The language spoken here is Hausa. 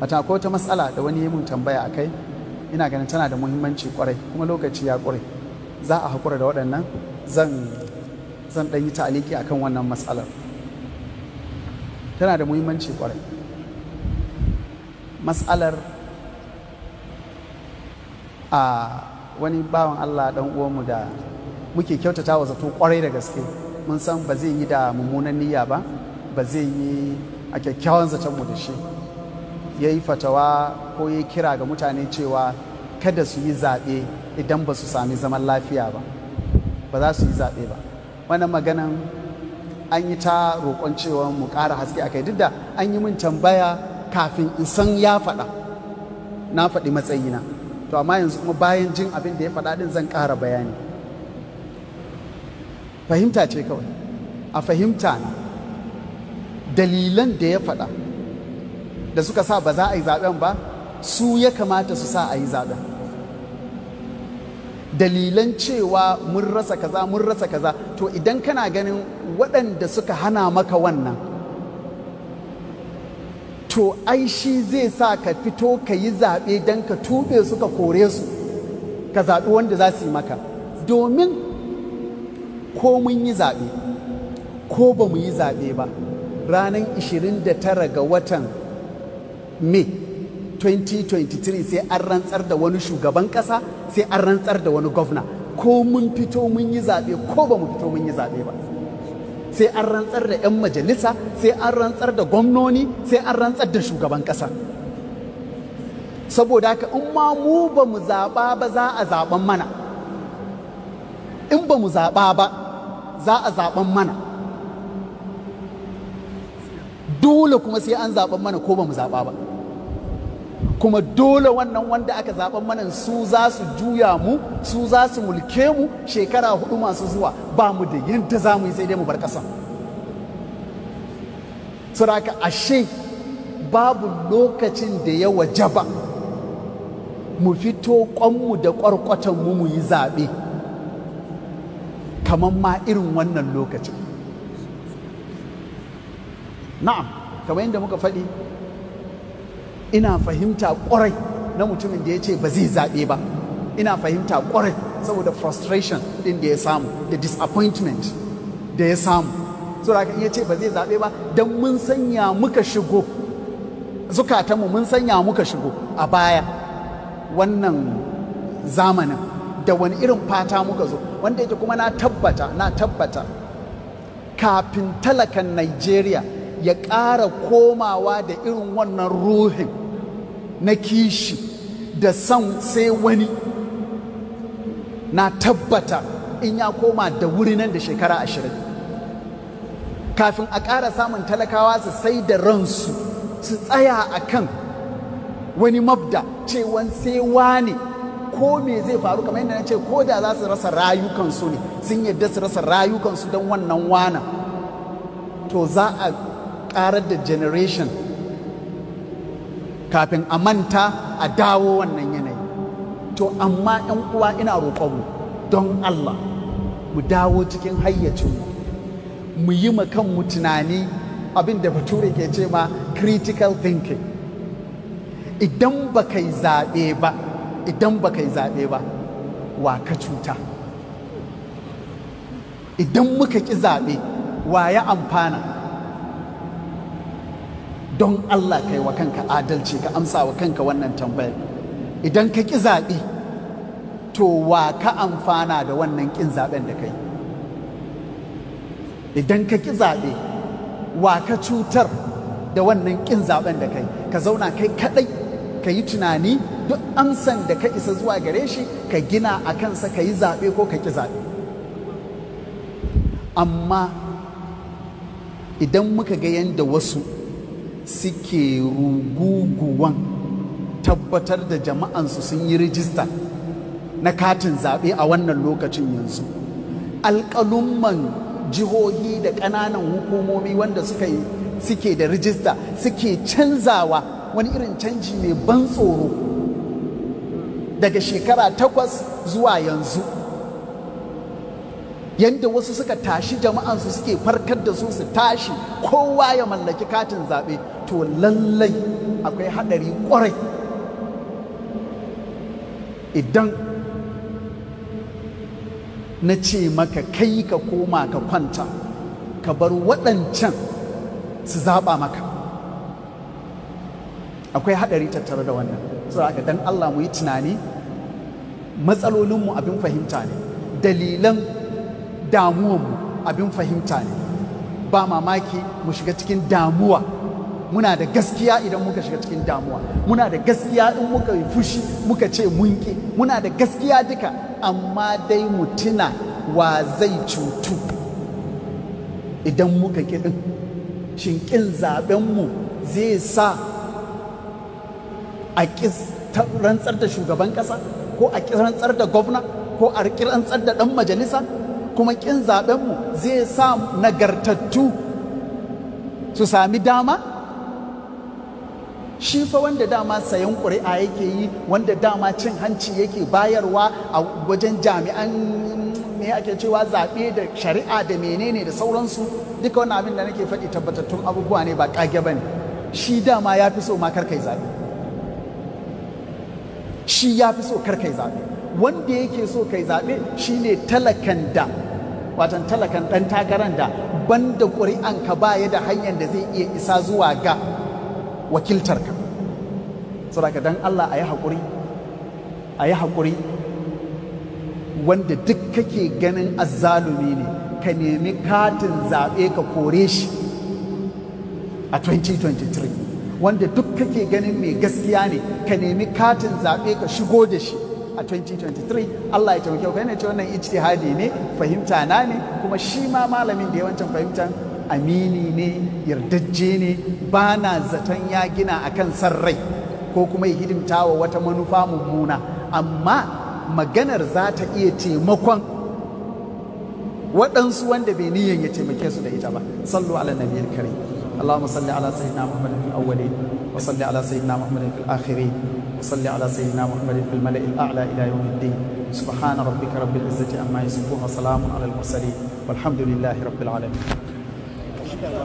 wata ko ta matsala da wani ya mun tambaya a kai ina ganin tana da muhimmanci kwarai kuma lokaci ya kwarai za a haƙura da waɗannan zan zan ɗan yi ta'aliki a kan wannan matsalar tana da muhimmanci kwarai matsalar a wani bawan allah ɗan uwanmu da muke kyautata wa zato kwarai da gaske mun san ba zai yi da mummunan niyya ba ba zai yi a kyakkyawan zaton mu da shi ya yi fatawa ko ya kira ga mutane cewa kada su yi zaɓe idan ba su sami zaman lafiya ba ba za su yi zaɓe ba wannan maganan an yi ta roƙon cewa mu ƙara haske a kai duk da an yi min tambaya kafin in san ya faɗa na faɗi matsayina to amma yanzu kuma bayan jin abin da ya faɗa ɗin zan ƙara bayani fahimta ce kawai a fahimta dalilan da ya faɗa da suka sa ba za a yi zaben ba su ya kamata su sa a yi zaben dalilan cewa mun rasa kaza mun rasa kaza to idan kana ganin waɗanda suka hana maka wannan to ai shi zai sa ka fito ka yi zaɓe don ka tube su ka kore su ka zaɓi wanda za su yi maka domin ko mun yi zaɓe ko ba mu yi zaɓe ba ranar 29 ga watan may 2023 sai an rantsar da wani shugaban ƙasa sai an rantsar da wani gwamna ko mun fito mun yi zaɓe ko ba mu fito mun yi zaɓe ba sai an rantsar da 'yan majalisa sai an rantsar da gwamnoni sai an rantsar da shugaban ƙasa saboda haka in ma mu ba mu zaɓa ba za a zaɓen mana in ba mu zaɓa ba za a zaɓen mana dole kuma sai an zaɓen mana ko ba mu zaɓa ba kuma dole wannan wanda aka zaɓen mana su za su juya mu su za su mulke mu shekara hudu masu zuwa ba mu da yadda za mu yi sai dai mu bar ƙasa suraka ashe babu lokacin da ya wajaba mu fito ƙwanmu da ƙwarƙwatan mu yi zaɓe kamar ma irin wannan lokacin na'am kamar yadda muka faɗi ina fahimta kwarai na mutumin da ya ce ba zai zaɓe ba ina fahimta kwarai saboda frustration ɗin da ya samu da disappointment da ya samu so da iya ce ba zai zaɓe ba don mun sanya muka shigo zukatanmu mun sanya muka shigo a baya wannan zamanin da wani irin fata muka zo wanda yake kuma na tabbata na tabbata kafin talakan Najeriya ya ƙara komawa da irin wannan ruhin na kishi da son sai wani na tabbata in ya koma da wuri nan da shekara ashirin kafin a ƙara samun talakawa su sai da ransu su tsaya a kan wani mabda cewan sai wane ko me zai faru kamar yadda na ce ko da za su rasa rayukansu ne sun yadda su rasa rayukansu don wannan wana to za a karar da generation kafin a manta a dawo wannan yanayi to amma yan uwa ina roƙonmu don Allah mu dawo cikin hayyacinmu mu yi mu tunani abin da bature ke ce ma critical thinking idan ba kai zaɓe ba idan ba kai zaɓe ba wa ka cuta idan muka ƙi zaɓe wa ya amfana don Allah ka yi wa kanka adalci ka amsa wa kanka wannan tambayar idan ka ƙi zaɓe to wa ka amfana da wannan ƙin zaɓen da kai idan ka ƙi zaɓe wa ka cutar da wannan ƙin zaɓen da kai ka zauna kai kaɗai ka yi tunani duk amsan da ka isa zuwa gare shi ka gina a kansa ka yi zaɓe ko ka ƙi zaɓe amma idan muka ga yadda wasu suke ruguguwan tabbatar da jama'ansu sun yi rijista na katin zaɓe a wannan lokacin yanzu alƙalumman jihohi da ƙananan hukumomi wanda suka yi suke da rijista suke canzawa wani irin canji mai ban tsoro daga shekara takwas zuwa yanzu yadda wasu suka tashi jama'ansu suke farkar da su su tashi kowa ya mallaki katin zaɓe to lallai akwai haɗari ƙwarai idan na ce maka kai ka koma ka kwanta ka bar waɗancan su zaɓa maka akwai haɗari tattare da wannan aka dan Allah mu yi tunani matsalolinmu abin fahimta ne dalilan damuwanmu abin fahimta ne ba mamaki mu shiga cikin damuwa muna da gaskiya idan muka shiga cikin damuwa muna da gaskiya in muka yi fushi muka ce mun muna da gaskiya duka amma dai mu tuna wa zai cutu idan muka kiɗin shin ƙin zaɓenmu zai sa a ki rantsar da shugaban ƙasa ko a ki rantsar da gwamna ko a rantsar da ɗan majalisa kuma ƙin zaɓenmu zai sa nagartattu su sami dama shi fa wanda dama sayan ƙuri'a yake yi wanda dama cin hanci yake bayarwa a wajen jami'an ne ake cewa zaɓe da shari'a da menene da sauransu duka wani abin da nake faɗi tabbatattun abubuwa ne ba ƙage ba ne shi dama ya fi so ma karkai zaɓe shi ya fi so karkai zaɓe wanda yake so kai zaɓe shine talakan da watan talakan ɗan takaran da banda ƙuri'anka baya da hanyar da zai iya isa zuwa ga wakiltarka ka dan Allah a yi haƙuri a yi haƙuri wanda duk kake ganin azzalumi ne ka nemi katin zaɓe ka kore shi a 2023 wanda duk kake ganin mai gaskiya ne ka nemi katin zaɓe ka shigo da shi a 2023 Allah ya taimake ka yana ce wannan ijtihadi ne fahimta na ne kuma shi ma malamin da yawancin fahimtan amini ne yardajje ne ba na zaton ya gina akan san rai ko kuma ya hidimta wa wata manufa mummuna amma maganar za ta iya taimakon waɗansu wanda bai niyan ya taimake su da ita ba sallu ala nabiyar kare. اللهم صل على سيدنا محمد في الأولين وصل على سيدنا محمد في الآخرين وصل على سيدنا محمد في الملأ الأعلى إلى يوم الدين سبحان ربك رب العزة عما يصفون وسلام على المرسلين والحمد لله رب العالمين